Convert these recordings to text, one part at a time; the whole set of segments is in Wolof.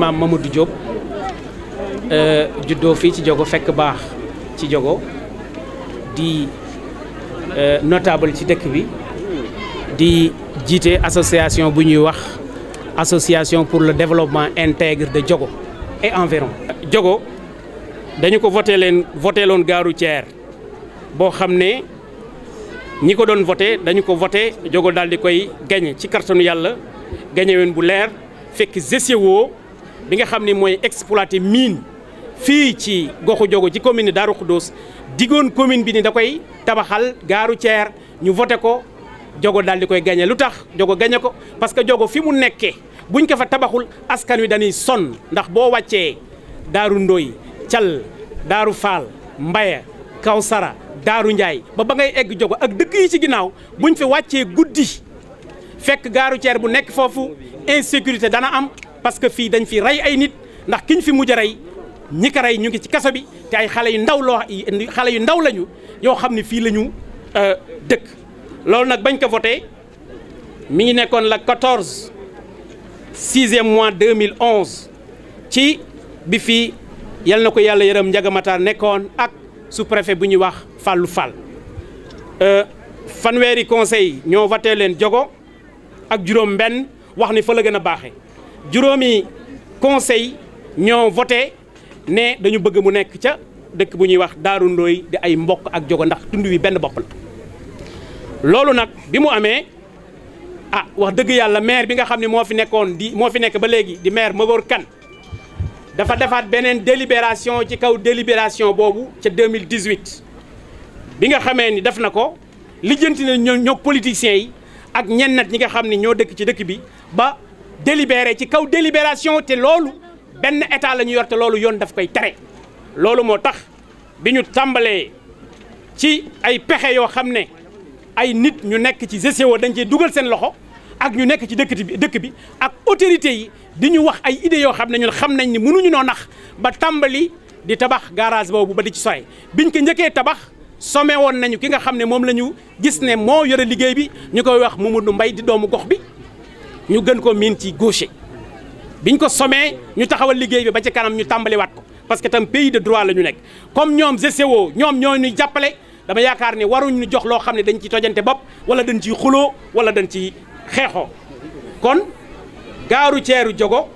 Imaam Mamadou Diop euh, juddoo fii ci Diogo fekk baax ci jogo di euh, notable ci dëkk bi di jiite association bu ñuy wax association pour le développement intègre de Diogo et environ. Diogo dañu ko voté leen voté loon gaaru boo xam ne ñi ko doon voté dañu ko voté Diogo daal di koy gañe ci kartanu yàlla gañeween bu leer fekk GCO. bi nga xam ni mooy exploité mine fii ci goxu jogo ci commune Darou Khoudoss diggoon commune bi ni da koy tabaxal gaaru ceer ñu voté ko jogo daal di koy gañe lu tax jogo gañe ko parce que jogo fi mu nekkee buñ ko fa tabaxul askan wi dañuy sonn ndax boo wàccee daaru ndóoy cal daaru faal mbaya kawsara daaru njaay ba ba ngay egg jogo ak dëkk yi ci ginnaaw buñ fi wàccee guddi fekk gaaru ceer bu nekk foofu sécurité dana am parce que fii dañ fi rey ay nit ndax kiñ fi mujj a rey ñi ko rey ñu ngi ci kaso bi te ay xale yu ndaw loo xale yu ndaw lañu yoo xam ne fii la ñu euh, dëkk. loolu nag bañ ko voté mi ngi nekkoon la 14 sixième mois 2011 ci bi fii yal na ko yàlla yërëm Ndiaga Matar nekkoon ak su préfet bu ñuy wax Fallou Fall. Euh, fanweeri conseil ñoo voté leen jogo ak juróom-benn wax ni fa la gën a baaxee. juróomi conseil ñoo voté ne dañu bëgg mu nekk ca dëkk bu ñuy wax Daaru Ndooy di ay mbokk ak jogo ndax tund wi benn bopp la loolu nag bi mu amee ah wax dëgg yàlla maire bi nga xam ne moo fi nekkoon di moo fi nekk ba léegi di maire Magor kan dafa defaat beneen délibération ci kaw délibération boobu ca 2018 bi nga xamee ni def na ko lijjanti na ñoo ñoo politiciens yi ak ñennat ñi nga xam ni ñoo dëkk ci dëkk bi délibéré ci kaw délibération te loolu benn état la ñu yor te loolu yoon dafa koy tere loolu moo tax bi ñu tàmbalee ci ay pexe yoo xam ne ay nit ñu nekk ci GCO dañ cee dugal seen loxo ak ñu nekk ci dëkk bi dëkk bi ak autorité yi di ñu wax ay idées yoo xam ne ñun xam nañ ni mënuñu noo nax ba tàmbali di tabax garage boobu ba di ci sore biñ ko njëkkee tabax some woon nañu ki nga xam ne moom la ñu gis ne moo yore liggéey bi ñu koy wax Mamadou mbay di doomu gox bi ñu gën koo miin ci gaucher biñ ko sommee ñu taxawal liggéey bi ba ci kanam ñu tàmbaliwaat ko parce que tam pays de droit la ñu nekk comme ñoom GCO ñoom ñoo ñuy jàppale dama yaakaar ni waruñ ñu jox loo xam ne dañ ci tojante bopp wala dañ ciy xuloo wala dañ ci xeexoo kon gaaru ceeru jogo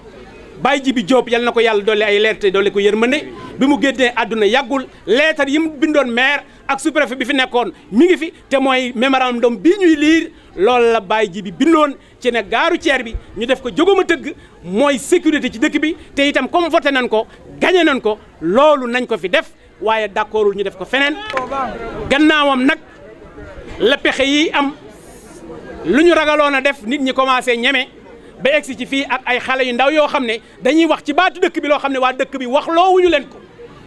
bàyyi ji bi Jóob yal na ko yàlla dolli ay leerte dolli ko yërmande bi mu génnee àdduna yàggul leetar yi mu bindoon maire ak sous-préfet bi fi nekkoon mi ngi fi te mooy mémorandum bii ñuy liir loolu la bàyyi ji bi bindoon ci ne gaaru ceer bi ñu def ko jóguma tëgg mooy sécurité ci dëkk bi te itam comme voté nañ ko gagné nañ ko loolu nañ ko fi def waaye d'accordul ñu def ko feneen gannaawam nag la pexe yi am lu ñu ragaloon a def nit ñi commencé ñeme ba egsi ci fii ak ay xale yu ndaw yoo xam ne dañuy wax ci baatu dëkk bi loo xam ne waa dëkk bi wax loowuñu leen ko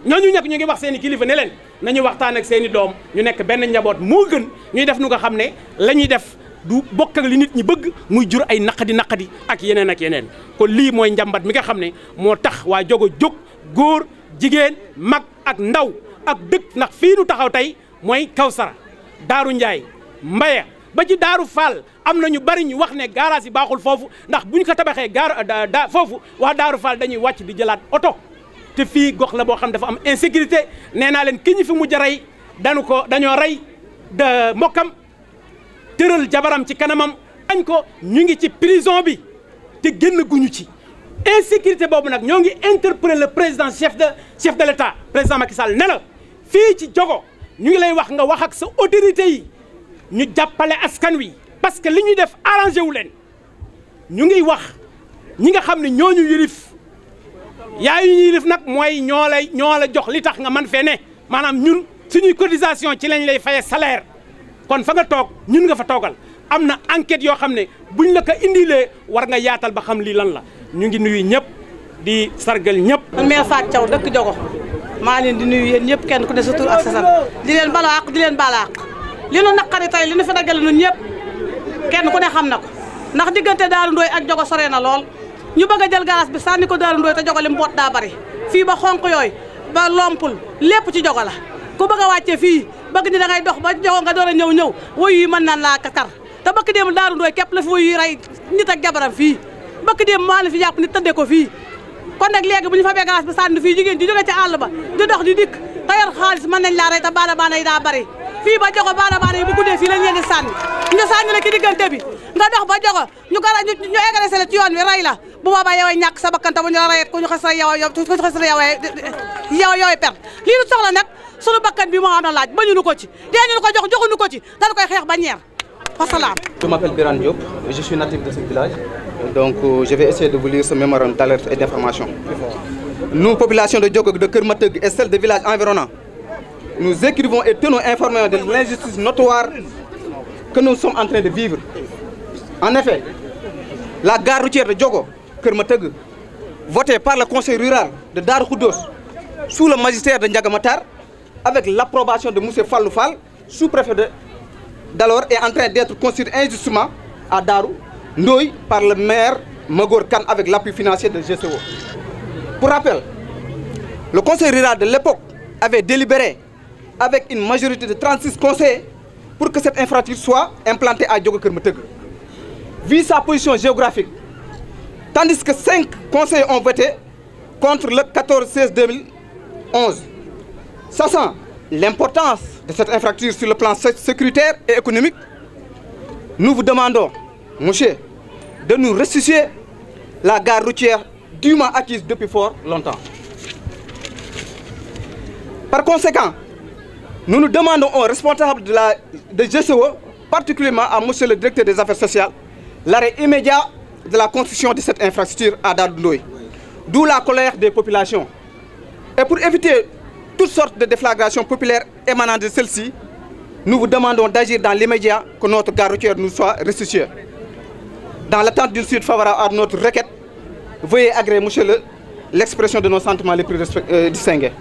ñooñu ñekk ñu ngi wax seen kilifa ne leen nañu waxtaan ak seeni doom ñu nekk benn njaboot moo gën ñuy def nu nga xam ne la ñuy def du bokk ak li nit ñi bëgg muy jur ay naqadi naqadi ak yeneen ak yeneen kon lii mooy njàmbat mi nga xam ne moo tax waa Jogo jóg góor jigéen mag ak ndaw ak dëkk ndax fii nu taxaw tey mooy Kawsara Daaru Njaay Mbaya ba ci Daaru Fall am na ñu bari ñu wax ne garage yi baaxul foofu ndax bu ñu ko tabaxee gaar foofu waa Daaru Fall dañuy wàcc di jëlaat oto te fii gox la boo xam dafa am insécurité nee naa leen ki ñu fi mujj rey ko dañoo rey de mbokkam tëral jabaram ci kanamam añ ko ñu ngi ci prison bi te génn guñu ci insécurité boobu nag ñoo ngi interpeller le président chef de chef de l'État président Macky Sall ne la fii ci Diogo ñu ngi lay wax nga wax ak sa autorité yi ñu jàppale askan wi parce que li ñuy def arrangé wu leen ñu ngi wax ñi nga xam ne ñooñu yërif yaa yu ñuy def nag mooy ñoo lay ñoo la jox li tax nga man fee ne maanaam ñun suñuy cotisation ci lañ lay faye salaire kon fa nga toog ñun nga fa toogal am na enquête yoo xam ne buñ la ko indilee war nga yaatal ba xam lii lan la ñu ngi nuyu ñëpp di sargal ñëpp. man mère Fatou Thiaw dëkk Jogo maa leen di nuyu yéen ñëpp kenn ku ne sa tur ak di leen balaaq di leen balaaq li nu naqari tey li nu fi dagale ñun ñëpp kenn ku ne xam na ko ndax diggante Daaru Ndooy ak Jogo sore na lool. ñu bëgg a jël gaz bi sànni ko Daaru Ndooy te jogo li mboot daa bari fii ba xonq yooyu ba lompul lépp ci jogo la ku bëgg a wàcce fii bëgg ni da ngay dox ba jogo nga door a ñëw ñëw wayu yi mën naan laa katar te bëgg dem Daaru Ndooy képp la fi wayu yi fii bëgg dem maa la fi yàpp nit tëddee ko fii kon nag léegi bu ñu fii jigéen di jóge ci àll ba di laa rey te daa bari ba jogo baana baana yi bu guddee fii lañ leen di sànni ñu sànni la dox ba jogo ñu gara ñu ci yoon wi rey la bu boobaa yow ay ñàkk sa bakkan te bu ñu la ku ñu xas la yow yow ku lii nu soxla nag sunu bakkan bi moo am na laaj bañu nu ko ci dee ñu ko jox joxuñu ko ci dañu koy xeex ba ñeer wasalaam. Je m'appelle Biran Diop je suis natif de ce village donc euh, je vais essayer de vous lire ce mémorandum d'alerte et d'information nous population de Dioukouk de Keur Mateug et celle des villages environnants nous et tenons informés de l'injustice notoire que nous Kër Mateugue, voté par le conseil rural de Dar Khoudos sous le magistère de Ndiagamatar, avec l'approbation de M. Falloufal, sous-préfet d'alors, est en train d'être constitué injustement à Darou, Ndoy, par le maire magore kan avec l'appui financier de GCO. Pour rappel, le conseil rural de l'époque avait délibéré avec une majorité de 36 conseillers pour que cette infrastructure soit implantée à Diogo Vu sa position géographique, Tandis que cinq conseillers ont voté contre le 14-16-2011. Ça sent l'importance de cette infracture sur le plan sécuritaire et économique. Nous vous demandons, monsieur, de nous restituer la gare routière dûment acquise depuis fort longtemps. Par conséquent, nu nous demandons aux responsables de la de GCO, e particulièrement à monsieur le directeur des affaires sociales, l'arrêt immédiat de la construction de cette infrastructure à Darou Ndoye. D'où la colère des populations. Et pour éviter toutes sortes de déflagrations populaires émanant de celle-ci, nous vous demandons d'agir dans l'immédiat que notre gare routière nous soit restituée. Dans l'attente d'une suite favorable à notre requête, veuillez agréer, monsieur l'expression de nos sentiments les plus euh, distingués.